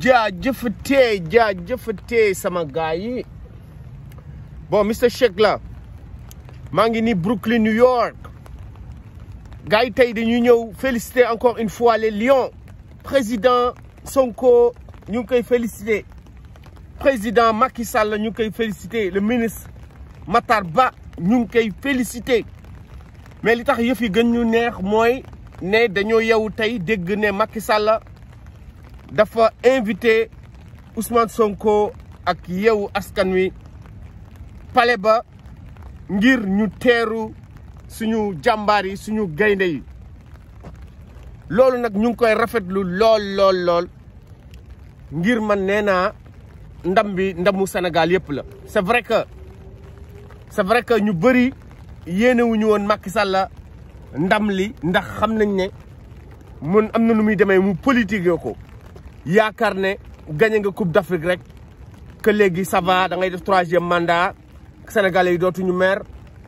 ja, jaajëfatee sama m'a bon Mr. Shekla, la ni Brooklyn New York gars tay de ñu féliciter encore une fois les Lions président Sonko ñu koy féliciter président Makisala, Sall ñu féliciter le ministre Matarba, ñu koy féliciter mais li tax yëf yi gën ñu neex moy ne de yeewu tay dégg né Macky Sall. dafa invité Ousmane Sonko ak yeewu askan wi pale ba ngir ñu teeru suñu jàmbaar yi suñu gaynde yi loolu nag ñu ngi koy rafetlu lool lool lool ngir man nee naa ndam bi ndamu Sénégal yëpp la. c'est vrai que c'est vrai que ñu bëri yéenewuñu woon Macky Sall ndam li ndax xam nañ ne mun am na nu muy demee mu politique ko. yaakaar ne gagné nga coupe d'Afrique rek que léegi ça va da ngay def troisième mandat sénégalais yi dootuñu maire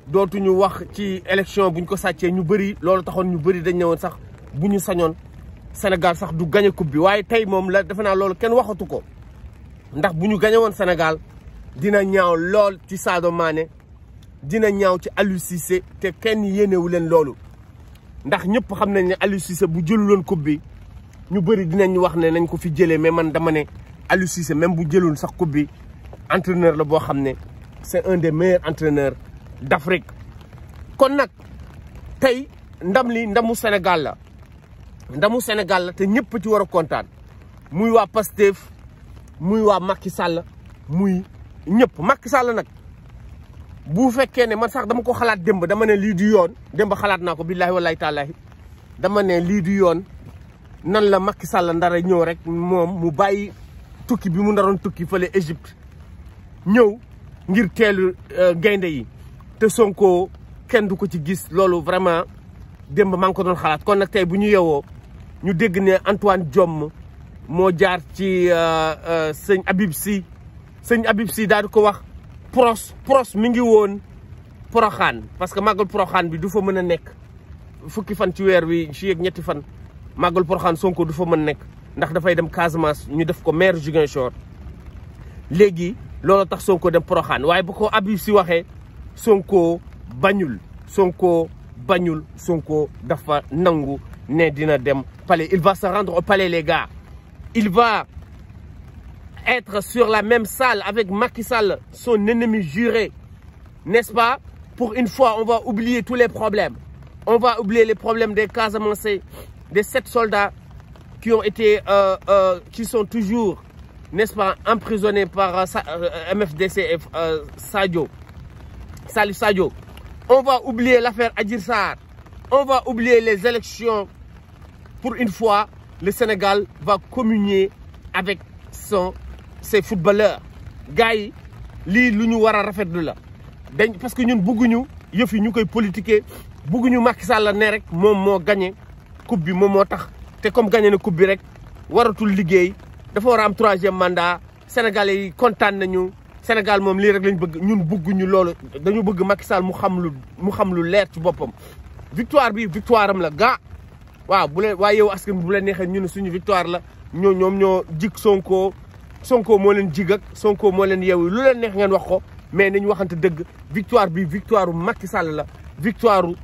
dootuñu wax ci élection buñ ko sàccee ñu bëri loolu taxoon ñu bëri dañ ñëwoon sax bu ñu sañoon Sénégal sax du gagné coupe bi waaye tey moom la defe naa loolu kenn waxatu ko ndax bu ñu gagné woon Sénégal dina ñaaw lool ci Sadio Mané dina ñaaw ci Aliou te kenn yéenewu leen loolu ndax ñëpp xam nañ ne Aliou bu jëluloon coupe bi. ñu bëri dinañ wax ne nañ ko fi jëlee mais man dama ne Aliou Cissé même bu jëlul sax coupe bi entraîneur la boo xam ne c'est un des meilleurs entraîneurs d'Afrique kon nag tey ndam li ndamu Sénégal la ndamu Sénégal la te ñëpp ci war a kontaan muy waa Pastef muy waa Macky sàll muy ñëpp Macky Sall nag bu fekkee ne man sax dama ko xalaat démb dama ne lii du yoon démb xalaat naa ko billaahi wallaahi taalaahi dama ne lii du yoon nan la Macky Sall ndara ñëw rek moom mu bàyyi tukki bi mu ndaroon tukki fële Égypte ñëw ngir teelu euh, gaynde yi te Sonko kenn du ko ci gis loolu vraiment démb maa ngi ko doon xalaat kon nag tey bu ñu yewoo ñu dégg ne Antoine Diome moo jaar ci euh, euh, sëñ Habib Sy sëñ Habib Sy daal di ko wax pros pros mi ngi woon Poroxaan parce que màggal Poroxaan bi du fa mën a nekk fukki fan ci weer wi ci yeeg ñetti fan Magol Porokhane Sonko du fa mën nek ndax fay dem Casamance ñu def ko maire Ziguinchor legui lolo tax Sonko dem Porokhane waaye bu ko abus Sonko bagnul, Sonko bagnul, Sonko dafa nangu ne dina dem palais il va se rendre au palais les gars il va être sur la même salle avec Macky Sall son ennemi juré n'est-ce pas pour une fois on va oublier tous les problèmes on va oublier les problèmes des Casamance des sept soldats qui ont été, euh, euh, qui sont toujours, n'est-ce pas, emprisonnés par euh, MFDC et Sadio, On va oublier l'affaire Adir Sar. On va oublier les élections. Pour une fois, le Sénégal va communier avec son, ses footballeurs. Gaï, yi nous, parce que nous, nous, nous nous nous, nous, nous nous Macky gagné. coupe bi moom motax té te comme gagné na coupe bi rek waratul liggéey dafa war am 3e mandat sénégalais yi contane nañu sénégal mom li rek lañ bëgg ñun ñu lool dañu bëgg Macky Sall mu xam lu mu xam lu leer ci bopam victoire bi victoire am la ga waaw bu leen waaye yow askan bu leen nexé ñun suñu victoire la ñoo ñom ñoo jik Sonko Sonko mo leen jig ak Sonko mo leen yew lu leen nex ngeen wax ko mais niñ waxante deug victoire bi victoire Macky Sall la victoire u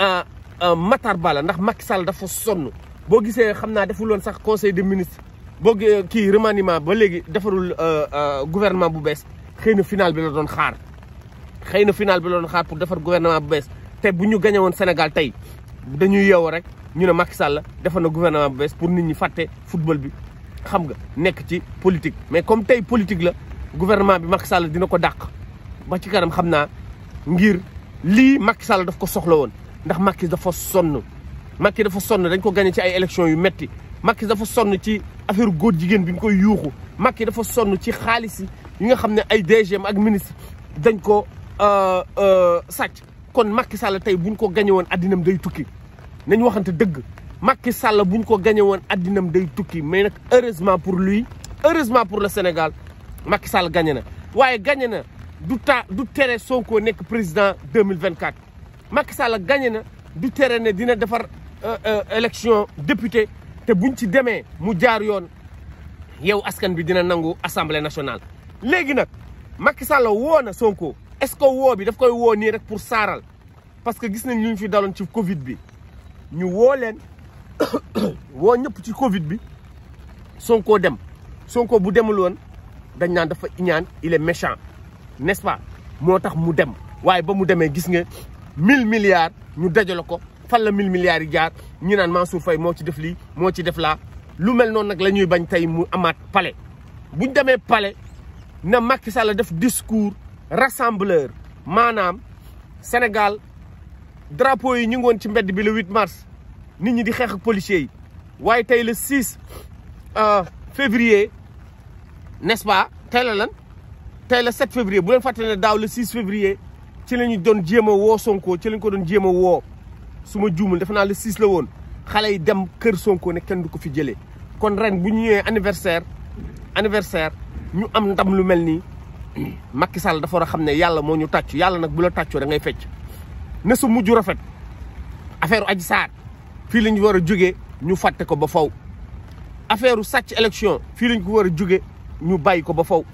euh, Euh, Matar Ba la ndax Macky Sall dafa sonn boo gisee xam naa deful woon sax conseil des ministre boo euh, kii remaniement ba léegi defarul euh, gouvernement bu bees xëy na final bi la doon xaar xëy na final bi la doon xaar pour defar gouvernement bu bees te bu ñu gañe Sénégal tey dañuy yeewu rek ñu ne Macky Sall defar na gouvernement bu bees pour nit ñi fàtte football bi xam nga nekk ci politique. mais comme tey politique la gouvernement bi Macky Sall dina ko dàq ba ci kanam xam naa ngir lii Macky Sall daf ko soxla woon. ndax Macky dafa sonn Macky dafa sonn dañ ko gagné ci ay élections yu metti Macky dafa sonn ci affaire góor jigen biñ ñu koy yuuxu Macky dafa sonn ci xaalis yi nga xamné ay DGM ak ministre dañ ko euh euh sàcc kon Macky Sall tay buñ ko gagné won adinam day tukki nañ waxante deug Macky Sall buñ ko gagné won adinam day tukki mais nak heureusement pour lui heureusement pour le Sénégal Macky Sall gagné na waye gagné na du ta du tere Sonko nek président 2024 Macky Sall gagné na du tere ne dina defar euh, euh, élection député te buñ ci démé mu jaar yoon yow askan bi dina nangu assemblée nationale. légui nak Macky Sall woo na Sonko est-ce que wo bi daf koy wo ni rek pour saral parce que gis nañ ñu fi dalon ci Covid bi ñu wo len wo ñëpp ci Covid bi Sonko dem Sonko bu demul won dañ nan dafa iñaan il est méchant n'est-ce pas motax mu dem waye ba mu démé gis nga. 1000 milliards ñu dajale ko fan la 1000 milliards jaar ñu naan Mansour Faye mo ci def li mo ci def la lu mel non nak lañuy bañ tay mu amaat palais buñ démé palais na Macky Sall def discours rassembleur Manam, Sénégal drapeau yi ñu ngi ci mbéd bi le 8 mars nit ñi di xeex ak policiers yi waaye le 6 euh, février n'est-ce pas tay la lan tay le 7 février bu len fàttali ne daaw le 6 février ci lañu doon jéem a woo Sonko ci lañ ko doon jéem a woo su ma juumul defe naa le six la woon xale yi dem kër Sonko ne kenn du ko fi jëlee kon ren bu ñu ñëwee anniversaire anniversaire ñu am ndam lu mel nii Macky Sall dafa war a xam ne yàlla moo ñu tàcc yàlla nag bu la tàccoo da ngay fecc ne su mujj rafet affaire Adji Sarr fii la ñu war a jógee ñu fàtte ko ba faw affaire sàcc élection fii la ko war a jóge ñu bàyyi ko ba faw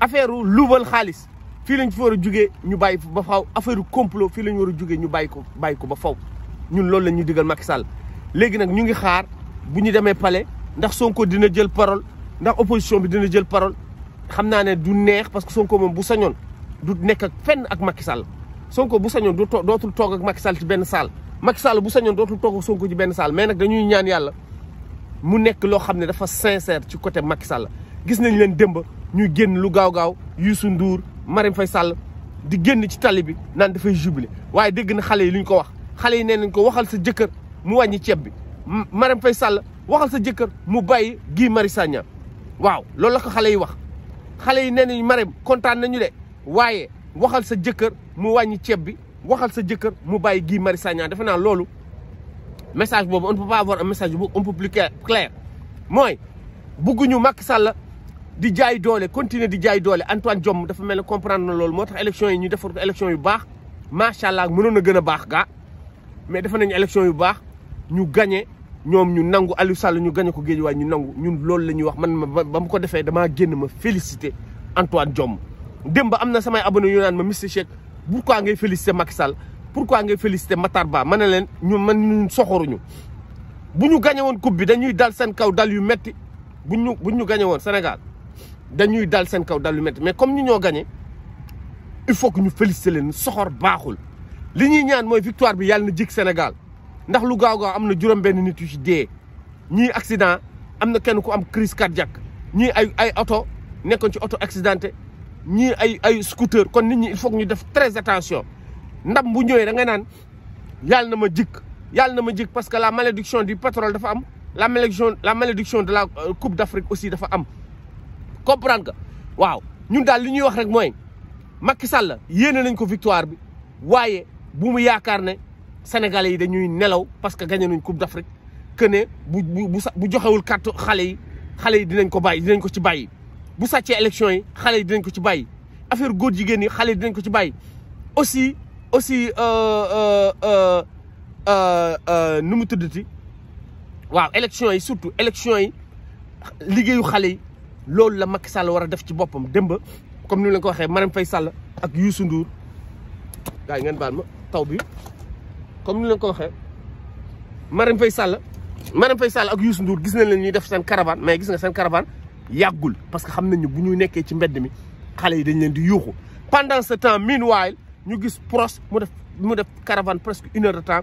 affaire luubal xaalis fii lañ fi war a jugee ñu bàyyi ba faaw affaire complot fi lañ wara a ñu bàyyi ko bàyyi ko ba faaw ñun loolu la ñuy digal Macky Sall léegi nag ñu ngi xaar bu ñu démé palais ndax Sonko dina jël parole ndax opposition bi dina jël parole xamna né du neex parce que Sonko moom bu sañoon du nekk ak fenn ak Macky Sall Sonko bu sañoon du dootul tok ak Macky Sall ci benn salle Macky Sall bu sañoon dootul tok ak Sonko ci benn salle mais nak dañuy ñaan Yalla mu nekk lo xamné dafa sincère ci côté Macky Sall gis nañ leen demb ñuy génn lu gaaw gaaw Youssou Ndour Marème fay Sall di génn ci tali bi naan dafay jubilé waaye dégg na xale yi lu ñu ko wax xale yi nee nañ ko waxal sa jëkkër mu wàññi ceeb bi Marème Faye Sall waxal sa jëkkër mu bàyyi gi mari Sagna waaw loolu la xale yi wax xale yi nee nañ Marème kontaan nañu de waaye waxal sa jëkkër mu wàññi ceeb bi waxal sa jëkkër mu bàyyi Guy Marius defe naa loolu message boobu on ne pas avoir un message bu un peu plus clair mooy bugguñu Macky Sall di jaay doole continuer di jaay doole Antoine Diome dafa mel ne comprendre na loolu moo tax élection yi ñu defar ko élection yu baax macha allah mënoon na gën a baax gaa mais defa nañu élection yu baax ñu gagné ñoom ñu nangu Aliou Sall ñu gagné ko géej waaye ñu nangu ñun loolu la ñuy wax man ma ba mu ko defee dama génn ma félicité Antoine jomm démb am na samay abonné yu naan ma Mister Shake pourquoi ngay félicité Macky Sall pourquoi ngay félicité Matar Ba ma ne leen ñu man ñun bu ñu gagné woon coupe bi dañuy dal seen kaw dal yu metti bu ñu bu ñu gagné woon Sénégal. dañuy dal sen kaw dal lu métti mais comme ñu ñoo gagné il faut que ñu féliciter len soxor baaxul li ñi ñaan moy victoire bi yàlla na jik Sénégal ndax lu gaaw gaaw amna juroom ben nit yu ci dé ñi accident amna kenn ku am crise cardiaque ñi ay ay auto nekkon ci auto accidenté ñi ay ay scooter kon nit ñi il faut que ñu def très attention ndam bu ñëwee da nga naan yàlla na ma jik yàlla na ma jik parce que la malédiction du pétrole dafa am la malédiction la malédiction de la euh, Coupe d'Afrique aussi dafa am comprendre nga waaw ñun daal li ñuy wax rek mooy Macky Sall yéene nañ ko victoire bi waaye bu yaakaar ne sénégalais yi ñuy nelaw parce que gagné nañ coupe d'Afrique que ne bu bu bu joxewul kàttu xale yi xale yi dinañ ko bàyyi dinañ ko ci bàyyi. bu sàccee élection yi xale yi dinañ ko ci bàyyi affaire góor jigéen yi xale yi dinañ ko ci bàyyi aussi aussi euh, euh, euh, nu mu tuddati waaw élection yi surtout élection yi liggéeyu xale yi. loolu la makk Sall war a def ci boppam démb comme ni la ko waxee Marème Faye Sall ak Youssou Ndour gars yi ngeen baal ma taw bi comme ni la ko waxee Marème Faye Sall Marème Faye Sall ak Youssou Ndour gis nañ leen ñuy def seen caravane mais gis nga seen caravane yàggul parce que xam nañ ne bu ñuy nekkee ci mbedd mi xale yi dañ leen di yuuxu pendant ce temps meanwhile ñu gis proche mu def mu def caravane presque une heure de temps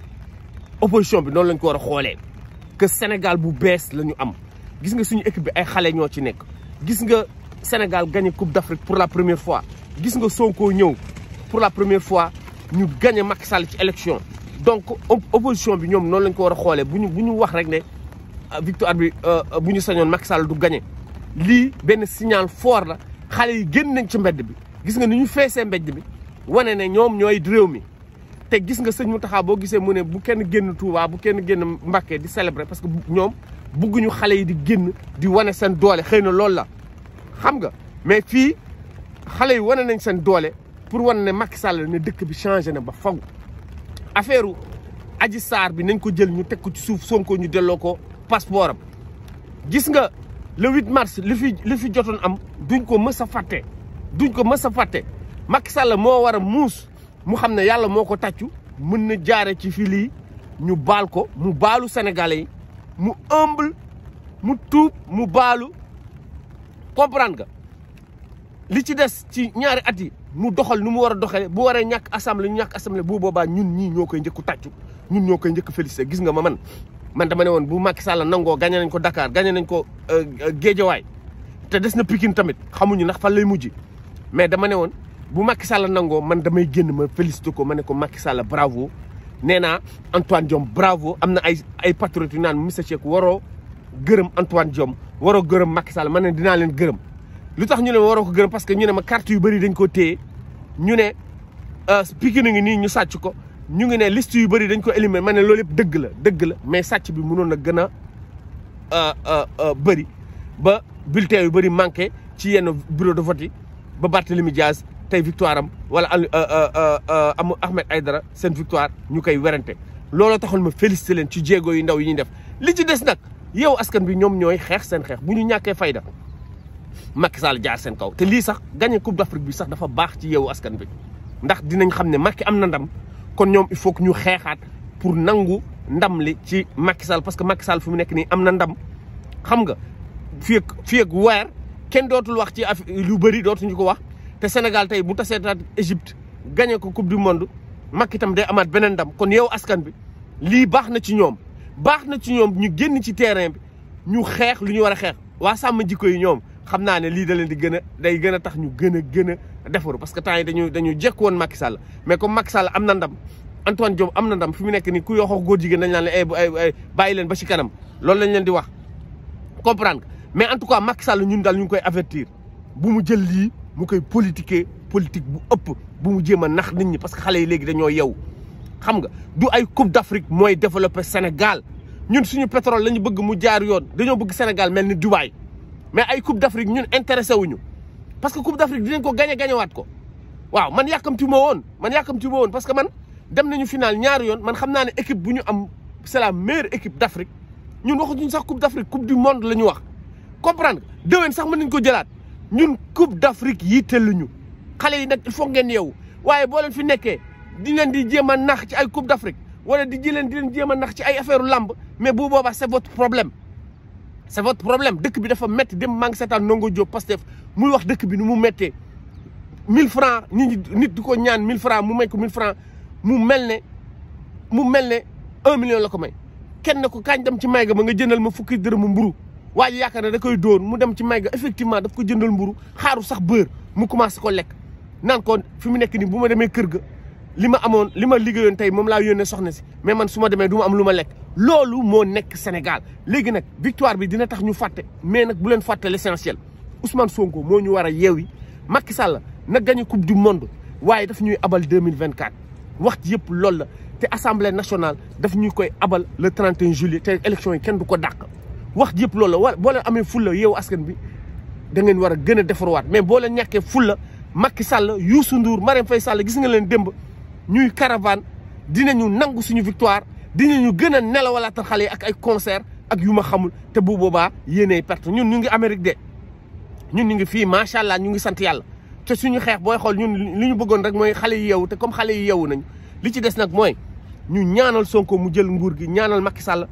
opposition bi non lañ ko wara xolé que Sénégal bu bees lañu am gis nga suñu équipe bi ay xalé ñoo ci nek gis nga Sénégal gagné Coupe d'Afrique pour la première fois gis nga Sonko ñëw pour la première fois ñu gagné Macky Sall ci élection donc opposition bi ñom non lañ ko wara xolé buñu bu wax rek né ah, victoire bi euh, euh, buñu sañon Macky Sall du gagné li benn signal fort la xalé yi gën nañ ci mbedd bi gis nga ni ñu fessé mbedd bi wané né ñom ñoy réew mi te gis nga sëñ taxaw boo gisee mu ne bu kenn génn Touba bu kenn génn Mbacké di célébrer parce que ñoom bugguñu xale yi di génn di wane seen doole xëy na loolu la xam nga mais fii xale yi wane nañ seen doole pour wane ne Macky Sall ne dëkk bi changé na ba faw affaire aji Sarr bi nañ ko jël ñu teg ko ci suuf Sonko ñu delloo ko passeport am gis nga le huit mars li fi li fi jotoon am duñ ko mës a fàtte duñ ko mës a fatte Macky Sall moo war a muus mu xamne yalla moko taccu mën na jaaré ci ñu bal ko mu balu sénégalais yi mu humble mu tuub mu balu comprendre nga li ci dess ci ñaari at yi mu doxal nu mu wara a bu waree ñak assemblée ñak assemblée bu boba ñun ñi ñokay ñëk taccu ñun ñokay ñëk féliciter gis nga ma man man dama néwon bu Macky Sall nango gagné nañ ko Dakar gagné nañ ko euh, Guédiaway té dess na Pikine tamit xamuñu nak fa lay mujj mais dama néwon bu Macky Sall nangoo man damay génn ma félicité ko ma ne ko Macky Sall bravo nee naa Antoine Diome bravo am na ay ay patriotes yu naan monsieur Cheikh waroo gërëm Antoine Diome waroo gërëm Macky Sall ma ne dinaa leen gërëm. lu tax ñu ne ma waroo ko gërëm parce que ñu ne ma kart yu bëri dañ ko téye ñu ne euh, Pikine na ngi nii ñu sàcc ko ñu ngi ne liste yu bëri dañ ko éliminer ma ne loolu yëpp dëgg la dëgg la mais sàcc bi mënoon na gën a euh, euh, bëri ba bulletin yu bëri manqué ci yenn bureau de vote yi ba Barthélemy Diaz. tey victoire am wala euh, euh, euh, am Ahmed Aydara seen victoire ñu koy werante looloo taxul ma félicité leen ci jéego yu ndaw yi ñuy def li ci des nag yow askan bi ñoom ñooy xeex seen xeex bu ñu ñàkkee fayda Macky jaar seen kaw te lii sax gagné coupe d'Afrique bi sax dafa baax ci yow askan bi ndax dinañ xam ne Macky am na ndam kon ñoom il faut ñu xeexaat pour nangu ndam li ci Macky Sall parce que Macky Sall fi mu nekk nii am na ndam xam nga fii ak fii weer kenn dootul wax ci lu bëri dootuñu ko wax. te Sénégal tey bu taseetaat Égypte gagné ko coupe du monde Macky itam day amaat beneen ndam kon yow askan bi lii baax na ci ñoom baax na ci ñoom ñu génn ci terrain bi ñu xeex li ñu war a xeex waa sàmm jikko yi ñoom xam naa ne lii da leen di gën a day gën a tax ñu gën a gën a defaru parce que temps yi dañu dañu jekk woon Macky Sall mais comme Macky Sall am na ndam Antoine Diome am na ndam fi mu nekk nii ku yoo xoox góor jigéen dañ naan la eh, eh, eh, bàyyi leen ba ci kanam loolu lañ leen di wax comprendre mais en tout cas Macky Sall ñun daal ñu ngi koy avertir bu mu jël lii mu koy politiquer politique bu ëpp bu mu jéem a nax nit ñi parce que xale yi léegi dañoo yew xam nga du ay coupe d' Afrique mooy développer Sénégal ñun suñu pétrole la ñu bëgg mu jaar yoon dañoo bëgg Sénégal mel ni Dubaï mais ay coupe d' Afrique ñun intéressé wuñu parce que coupe d' Afrique dinañ ko gañe gañewaat ko waaw man yàkkamti ma woon man yàkkamti ma woon parce que man dem nañu final ñaari yoon man xam naa ne équipe bu ñu am c' est la meilleure équipe d' Afrique ñun waxuñu sax coupe d' Afrique coupe du monde la wax comprendre nga sax mën nañ ko jëlaat. ñun coupe d'Afrique yitteeluñu xale yi nag il faut ngeen yeewu waaye boo leen fi nekkee di leen di jéem a nax ci ay coupe d'Afrique wala di ji leen di leen jéem a nax ci ay affaire làmb mais bu boobaa c'est votre problème c'est votre problème dëkk bi dafa métti dem maa ngi seetaan Ndongo Diop Pastef muy wax dëkk bi nu mu méttee mille francs ñi nit di ko ñaan mille francs mu may ko mille francs mel ne mu mel ne un million la ko may kenn ko kaañ dem ci may ga ma nga jënal ma fukki dërëmu mburu waa ji yaakaar ne da koy dóor mu dem ci may ga effectivement daf ko jëndal mburu xaaru sax bër mu commencé ko lekk naan ko fi mu nekk nii bu ma demee kër ga li ma amoon li ma liggéeyoon tey moom laa yónnee soxna si mais man suma ma demee du ma am lu ma lekk loolu moo nekk Sénégal léegi nag victoire bi dina tax ñu fàtte mais nag bu leen fàtte l'essentiel Ousmane Sonko moo ñu war a yeewi Macky Sall na gagné coupe du monde waaye daf ñuy abal 2024 wax yëpp loolu la te assemblée daf ñuy koy abal le 31 juillet te yi kenn du ko dàq. wax jëpp loolu la wa boo amee fulla yow askan bi da ngeen war a gën a defarwaat mais boo leen ñàkkee fulla Macky Sall Youssou Ndour Marème Faye Sall gis nga leen démb ñuy caravane dinañu nangu suñu victoire dinañu gën a nelawalaatal xale yi ak ay concert ak yu ma xamul te bu boobaa yéenay perte ñun ñu ngi Amérique de ñun ñu ngi fii macha allah ñu ngi sant yàlla te suñu xeex booy xool ñun li ñu bëggoon rek mooy xale yi yeewu te comme xale yi yeewu nañu li ci des nag mooy ñu ñaanal Sonko mu jël nguur gi ñaanal Macky Sall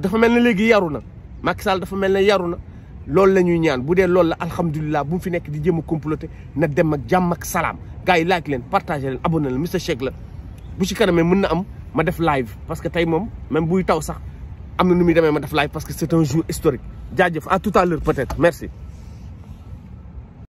dafa mel ne léegi yaru na Macky Sall dafa mel ne yaru na loolu la ñuy ñaan bu dee loolu la alhamdulilah bu mu fi nekk di jéem a comploter na dem ak jàmm ak salaam gars yi like leen partage leen abonné leen Mister Shake la bu ci kanamee mën na am ma def live parce que tey moom même buy taw sax am na nu muy demee ma def live parce que c'est un jour historique jaajëf à tout à l'heure peut merci